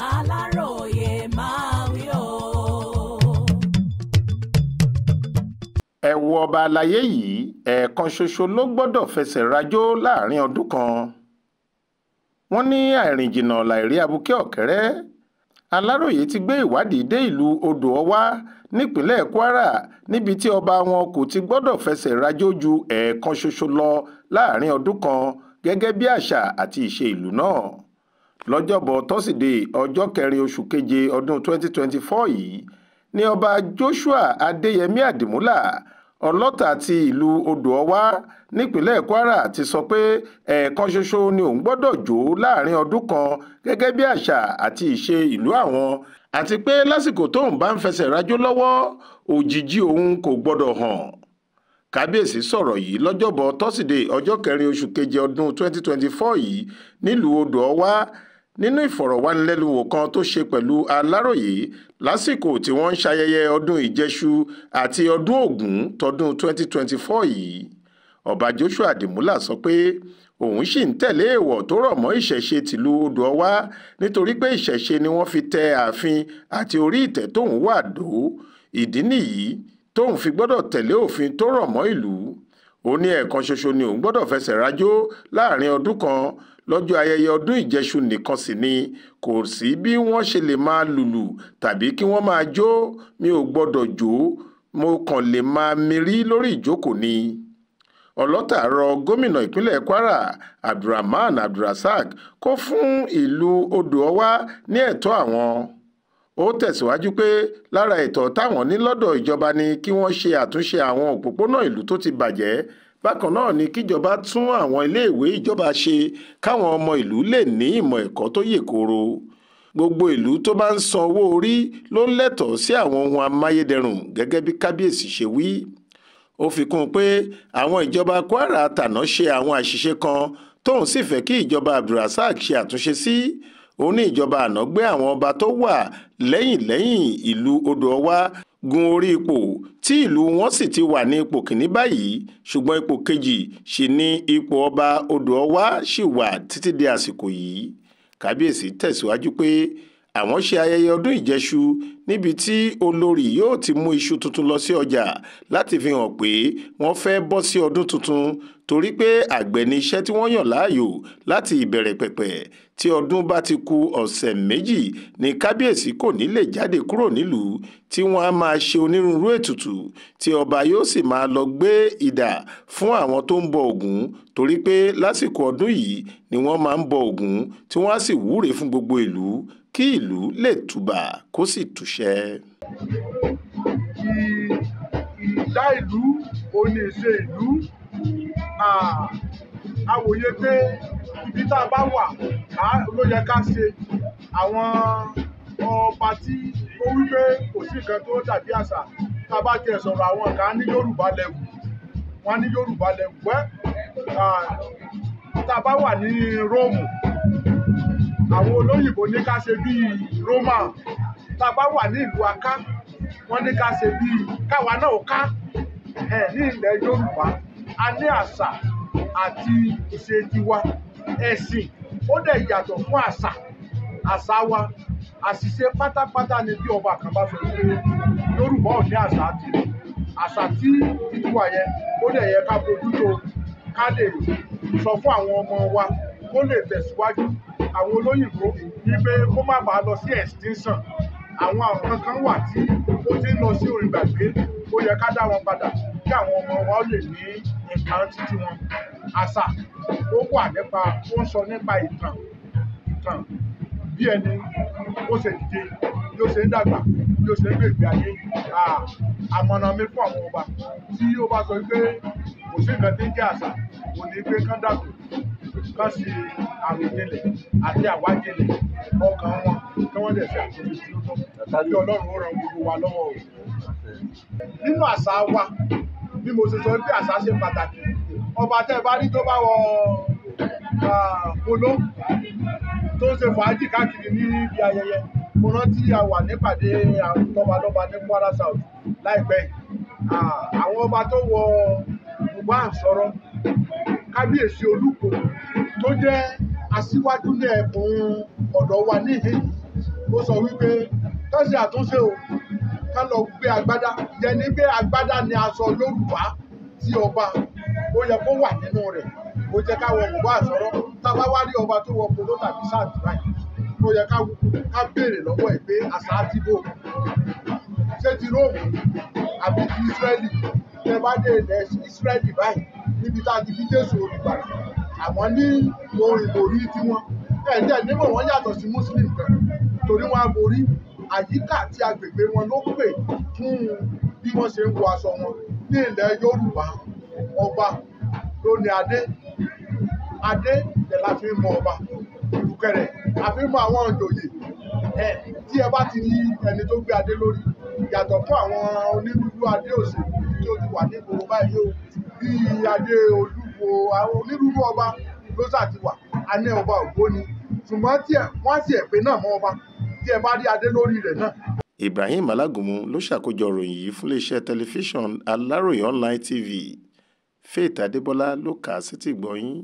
aláròye máa wí o. ẹ wo ọba àlàyé yìí ẹ̀ẹ̀kan ṣoṣo ló gbọ́dọ̀ fẹsẹ̀ rajó láàrin ọdún kan wọ́n ní àìrìnjìnnà láìrí abuké ọ̀kẹ́rẹ́ aláròye ti gbé ìwádìí dé ìlú odò ọwá nípínlẹ̀ kwara níbi tí ọba wọn kò ti gbọ́dọ̀ fẹsẹ̀ rajó ju ẹ̀ẹ̀kan ṣoṣo lọ láàrin ọdún kan gẹ́gẹ́ bí àṣà àti ìṣe ìlú náà lọ́jọ́bọ̀ tọ́sídẹ̀ẹ́ ọjọ́ kẹrin oṣù keje ọdún 2024 yìí ni ọba joshua adéyẹmí àdìmúlà ọlọ́ta ti ìlú odò ọwá nípínlẹ̀ kwara ti sọ pé ẹ̀ẹ̀kan ṣoṣo ni òun gbọ́dọ̀ jó láàrin ọdún kan gẹ́gẹ́ bí àṣà àti ìṣe ìlú àwọn àti pé lásìkò tóun bá ń fẹsẹ̀ rajó lọ́wọ́ òjìji òun kò gbọ́dọ̀ hàn kábíyèsí sọ̀rọ̀ yìí lọ́jọ́bọ̀ tọ́sídẹ̀ẹ́ ọjọ́ kẹrin oṣù keje ọdún 2024 yìí nílùú odò ọwá nínú ìfọ̀rọ̀wánilẹ́nuwò kan tó ṣe pẹ̀lú aláròyé lásìkò tí wọ́n ń ṣayẹyẹ ọdún ìjẹṣu àti ọdún ògún tọdún 2024 yìí ọba joshua dimula sọ pé òun sì ń tẹ̀lé èèwọ̀ tó rọ̀ mọ́ ìṣẹ̀ṣe tìlú odò ọwá nítorí pé ìṣẹ̀ṣe ni wọ́n fi tẹ ààfin àti orí ìtẹ́ tóun wà dó ìdí nìyí tóun fi gbọ́dọ̀ tẹ̀lé òfin tó rọ̀ mọ́ ìlú ó ní ẹ̀ẹ̀kan ṣoṣo ni òun gbọ́dọ̀ fẹsẹ̀ rájó láàrin ọdún kan lọ́jọ́ ayẹyẹ ọdún ìjẹṣu nìkan sì ni kò sí bí wọ́n ṣe lè máa lùlù tàbí kí wọ́n máa jó mi ò gbọ́dọ̀ jó mo kàn lè máa mirí lórí ìjókòó ni ọlọ́tà rọ gómìnà ìpínlẹ̀ kwara abdulrahman abdulrasaq kó fún ìlú odò ọwá ní ẹ̀tọ́ àwọn ó tẹ̀síwájú pé lára ètò táwọn ní lọ́dọ̀ ìjọba ni kí wọ́n ṣe àtúnṣe àwọn òpópónà ìlú tó ti bàjẹ́ bákan náà ni kíjọba tún àwọn iléèwé ìjọba ṣe káwọn ọmọ ìlú lè ní ìmọ̀ ẹ̀kọ́ tó yè kooro gbogbo ìlú tó bá ń san owó orí ló ń lẹ́tọ̀ọ́ sí àwọn ohun amáyédẹrùn gẹ́gẹ́ bí kábíyèsí ṣe wí ó fi kún un pé àwọn ìjọba Kwara tàná ṣe àwọn àṣìṣe kan tóun sì fẹ́ kí ìjọba Abdulrasaq ṣe àtúnṣe sí si ó ní ìjọba àná gbé àwọn ọba tó wà lẹ́yìn lẹ́yìn ìlú odò ọwá gun orí ipò tí ìlú wọn sì ti wà ní ipò kìíní báyìí ṣùgbọ́n ipò kejì sì ni ipò ọba odò ọwá ṣì wà títí di àsìkò yìí kábíyèsí tẹ̀síwájú pé àwọn ṣe ayẹyẹ ọdún ìjẹṣu níbi tí olórí yóò ti mú iṣu tuntun lọ sí ọjà láti fi hàn pé wọ́n fẹ́ bọ́ sí ọdún tuntun torí pé àgbẹ̀ ni iṣẹ́ tí wọ́n yàn láàyò láti ìbẹ̀rẹ̀ pẹ̀pẹ̀ tí ọdún bá ti ku ọ̀sẹ̀ méjì ni kábíyèsí kò ní lè jáde kúrò nílùú tí wọ́n á máa ṣe onírúurú ètùtù tí ọba yóò sì máa lọ gbé idà fún àwọn tó ń bọ Ògún torí pé lásìkò ọdún yìí ni wọ́n máa ń bọ Ògún tí wọ́n á sì wúre fún gbogbo ìlú kí ìlú lè tùbà kó sì túṣẹ. ìdá ìlú ò ní ṣe ìlú àwòye pé ibi tá a bá wà ló yẹ ká ṣe àwọn ọba tí ó wí pé kò sí nǹkan tó dàbí àṣà tá a bá tiẹ̀ sọ̀rọ̀ àwọn kan ní Yorùbá lẹ́wù wọ́n ní Yorùbá lẹ́wù ẹ́ tá a bá wà ní Róòmù àwọn olóyìnbó ní ká ṣe bíi Roma tá a bá wà ní ìlú aká wọ́n ní ká ṣe bíi káwa náà ká ẹ̀ ní ilẹ̀ Yorùbá a ní àṣà àti ìṣe tiwa ẹ̀sìn ó dẹ̀ yàtọ̀ fún àṣà àṣà wa àṣìṣe pátápátá ni bí ọba kan bá sọ pé Yorùbá ò ní àṣà tirẹ̀ àṣà tí ìtura yẹn ó dẹ̀ yẹ ká bójú ká lè sọ fún àwọn ọmọ wa kó lè tẹ̀síwájú àwọn olóyìnbó wípé kó má bàa lọ sí extinction àwọn àwọn kan wà tí ó ti ń lọ sí orin gbàgbé ó yẹ ká dá wọn padà kí àwọn ọmọ wa ó lè ní nǹkan títí wọn àṣà ó wà nípa ó ń sọ nípa ìtàn ìtàn bí ẹni ó ṣe dìde bí ó ṣe ń dàgbà bí ó ṣe ń gbègbè ayé àmọ̀ràn mi fún àwọn ọba tí ó bá sọ pé kò sí nǹkan tí ń jẹ́ àṣà kò ní pé kán dàgbà bá ṣe àròjinlẹ̀ àti àwájinlẹ̀ ọkàn wọn kí wọ́n dẹ̀ ṣe àtúnṣe sí ọkàn kí ó ran gbogbo wa lọ́wọ́ o. nínú àṣà wa bí mo ṣe sọ pé àṣà ṣe pàtàkì ọba tẹ́ bá rí tó bá wọ polo tó ń ṣe fàájì káàkiri níbi ayẹyẹ mo rántí a nípàdé àwọn ní Kwara South láìpẹ́ àwọn ọba tó wọ bùbá à kábíyèsí olúkò tó jẹ́ aṣíwájú ní ẹ̀bùn ọ̀dọ̀ wa níhìn ó sọ wípé tọ́sí àtúnṣe o ká lọ gbé agbádá yẹni pé agbádá ni aṣọ Yorùbá tí ọba ó yẹ kó wà nínú rẹ̀ ó jẹ́ káwọn òwúwà sọ̀rọ̀ tábà wá rí ọba tó wọ polo tàbí sáàtì báyìí ó yẹ ká béèrè lọ́wọ́ ẹ̀ pé àṣà ti bò ṣé ti Róòmù àbí ti Ísírẹ́lì tẹ bá dé ilẹ̀ Ísírẹ́lì báyìí níbi tá a ti fi Jésù olùgbà àwọn ní orin borí tiwọn ẹ̀ẹ́dẹ́ nígbà wọ́n yàtọ̀ sí muslim kan torí wọ́n borí àyíká àti agbègbè wọn ló pè fún bí wọ́n ṣe ń wọ aṣọ wọn ní ilẹ̀ Yorùbá ọba ló adé adé ẹ̀ la fi ń mọ ọba ìlúkẹrẹ a fi ń mọ àwọn òjòyè ẹ tí ẹ bá ti rí ẹni tó gbé adé lórí yàtọ̀ fún àwọn onírúurú adé òṣèlú tí ó ti wà ní ìgboro báyìí o bíi adé olúwo onírúurú ọba ló ṣàti wà a ní ọba ògbóni ṣùgbọ́n tí wọ́n sì ẹ̀ pé náà mọ́ ọba tí ẹ bá rí adé lórí rẹ̀ náà. Ibrahim Alágúnmu ló ṣàkójọ ìròyìn yìí fún iléeṣẹ́ tẹlifíṣàn Aláròye online TV Faith Adébọlá ló kà á sétígbọ̀ọ́ yín